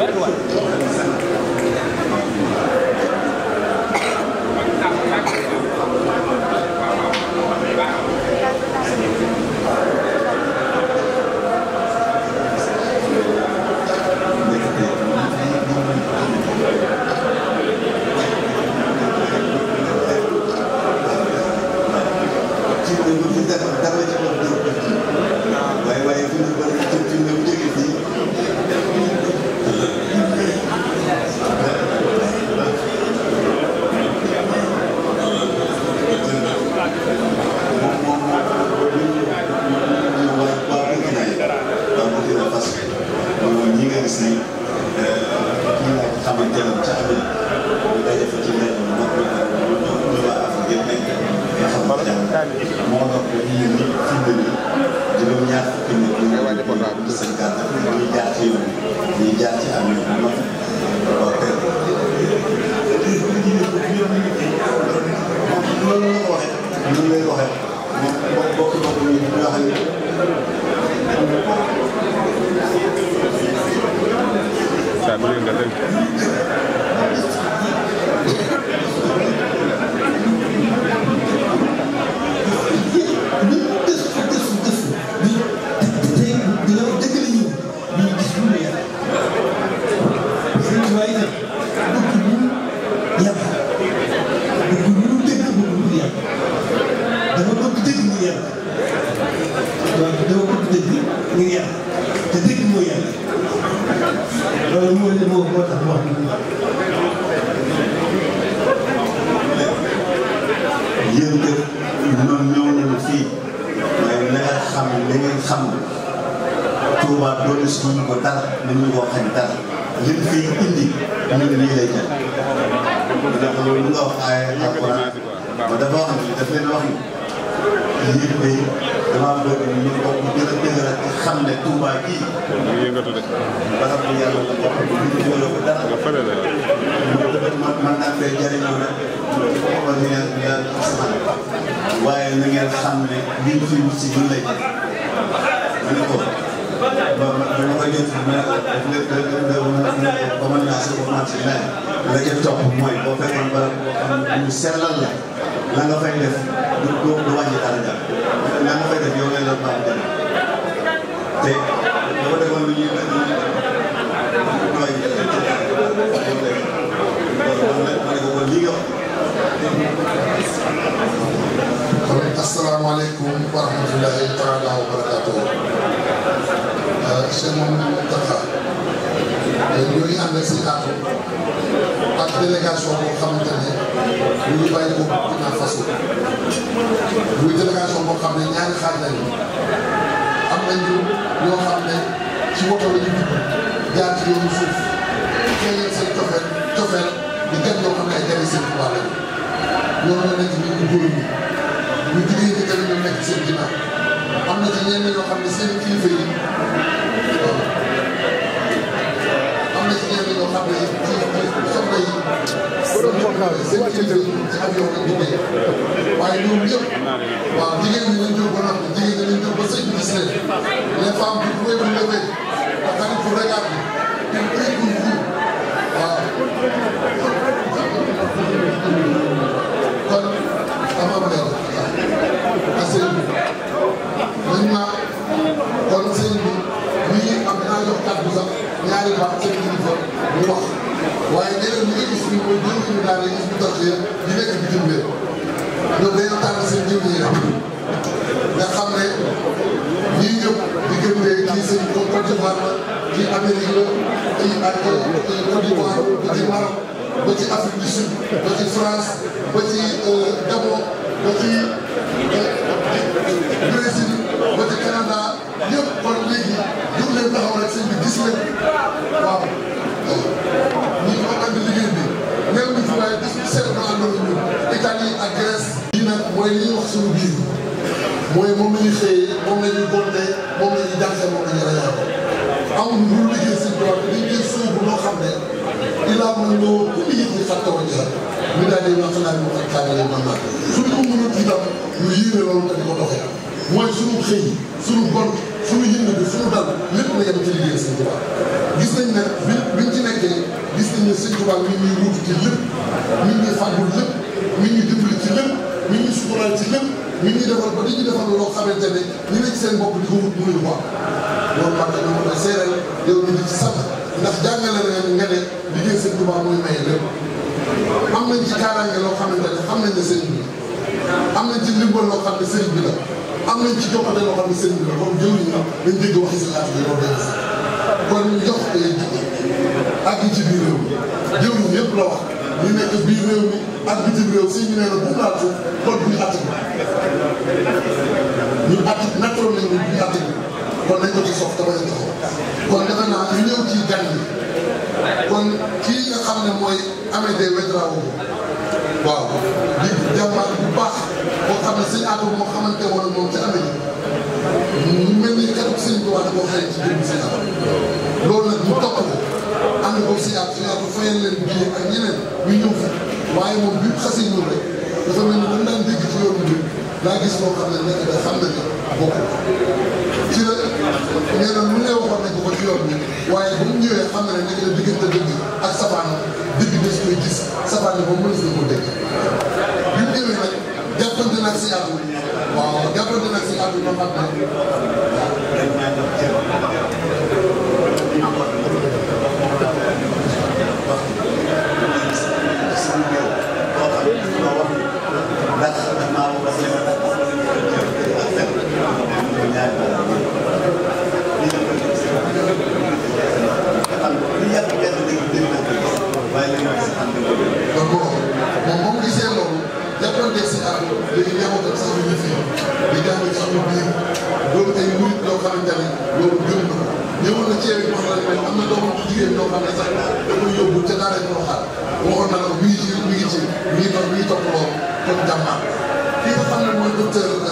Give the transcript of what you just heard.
Первое. ci ñi jaar ci am ñu mag waa kër loolu la ko waxee ñu lay waxee bokk bokk bokk ñu ñu wax ak Saya boleh enggak moo tax mu wax fii mais na xam li ngeen xam Touba doole suñu ko dara nañu ko xañ dara li ñu indi ñun lii lay jël. ndax loolu nga wax ay alquran ma dafa wax ni daf leen wax ni. te lii koy damaa bëgg ñu ngi ko gën a dëgëral ci xam ne Touba gii. ñu ngi yëngatu de. barab bi yàlla la bokk ñu ngi jëloo ko dara. nga fële la man man naa koy jëriñoo rek xoolal ñu ne yàlla ci sama waaye na ngeen xam ne liñ fi wut si ñun lay def. ma ne ko ba ma ma koy jënd ma ne ko daf lay daf lay ma ne ko ba mën naa si ko màcc laay. la ca topp mooy boo fekkoon barab boo xam ne ñu sellal la la nga fay def. du du du wàññi dara jàpp naa nga fay def yow ngay doon baax dara te dafa defoon lu ñuy lu ñuy waaye ñu def ma ne ko kon lii nga wax. kon asalaamaaleykum wa rahmatulahi taala wa barakaatu. Cheikh Mamadou Moustapha ñu ngi ànd si àttu ak délégation boo xamante ne ñu ngi bàyyi ko Burkina Faso muy délégation boo xam ne ñaari xaaj lañu am nañu ñoo xam ne ci woto la ñu dugg jaar ci yoonu suuf feeñal seen cofeel cofeel di gan ñoo xam ne ay jari seen tubaab lañu ñoo la nekk ñu góor ñi ñu xam ne seen kilifa yi am borom programme bi dañu wàcce tënk ak yow liggéey waaye ñoom ñëpp waaw jigéen ñi dañu jóg ba noppi jigéen ñi dañu jóg ba sëñ bi gis leen les femmes bu koy bu levee daara yi Hizbut Tarqiyyah yi nekk bitim réew ñoom dañoo tànn seen jiw yi nga xam ne ñii ñëpp di gëm ne kii seen Côte d'Ivoire la kii Amérique la kii ak Côte d'Ivoire ba ci Maroc ba ci bi gis leen nag mooy li ñuy wax suñu mooy moom la xëyee moom la ñuy moom la ñuy moom la ñuy rayaatoo amul lu liggéey si droit bi dañ jël suuf bu loo xam ne il a mën loo ku liggéey ci fàttewoo ci sax ñu daal di wax naa ne moom ak kaay la mën naa suñu ko mënul itam ñu yéene loolu te di ko doxee mooy suñu xëy suñu gont suñu yëngatu suñu dal lépp la yem ci liggéey sëñ Tuubaa gis nañ ne bi biñ ci nekkee gis nañ ne sëñ Tuubaa mi ngi ñuy wuutu ci lépp mi ngi ñuy fàggul lépp mi ngi dimbali ci lépp mi ngi sukkandiku ci lépp mi ngi defal ba di ñu defal loo xamante ne ñu ne ci seen bopp di ko wut mënuñu ko am ci sant ndax loo xamante ne xam nañ ne am nañ ci ndimbal loo xam ne sëriñ ci si laaj bi loolu kon ñu jox ko yéen ak yi ci mi jëwriñ wax ñi nekk biir réew mi ak bitim réew si ñu nee na bu laal suuf kon bu ñu àttik ñun àttik nattoon nañ ñun bu ñu àttik kon nañ ko ci sof te bañ a joxoo kon defe naa ñu ñëw ci gan yi kon kii nga xam ne mooy Amédée Ouédraogo boobu waaw di jàmbaar bu baax boo xam ne sëñ Atou moo xamante woon moom ci Amédée mu mel ni keroog sëñ bi wax da koo xëy ci jëm sëñ Atou loolu nag mu topp ko ànd koog si yaatu si yaatu fayal leen liggéey ak ñeneen ñu ñëw fi waaye moom bi xasee ñëw rek dafa mel ni dañ daan dégg ci yoonu bi daa gis loo xam ne nekk da xam na ne bokkul ci la nee na lu ne waxoon nañ ko ko ci yoon bi waaye bu mu ñëwee xam na ne nekk na diggante dëgg ak safaan dëgg des koy gis safaan bi moom mënees na ko dégg bi mu ñëwee nag jàppante nag si yaatu waaw jàppante nag si yaatu ma xam ne waaw policier di jàngal ci suñu biir loolu ay muy loo xamante ne loolu gëm na ko ñëwoon na ceeb bi wax na leen am na doomu jigéen ñoo xam ne sax da koy yóbbu ca daara ñu waxaat waxoon na la mi ngi ci mi ngi ci mi ngi topp mi ngi topp loolu comme jàmbaar kii nga xam ne mooy docteur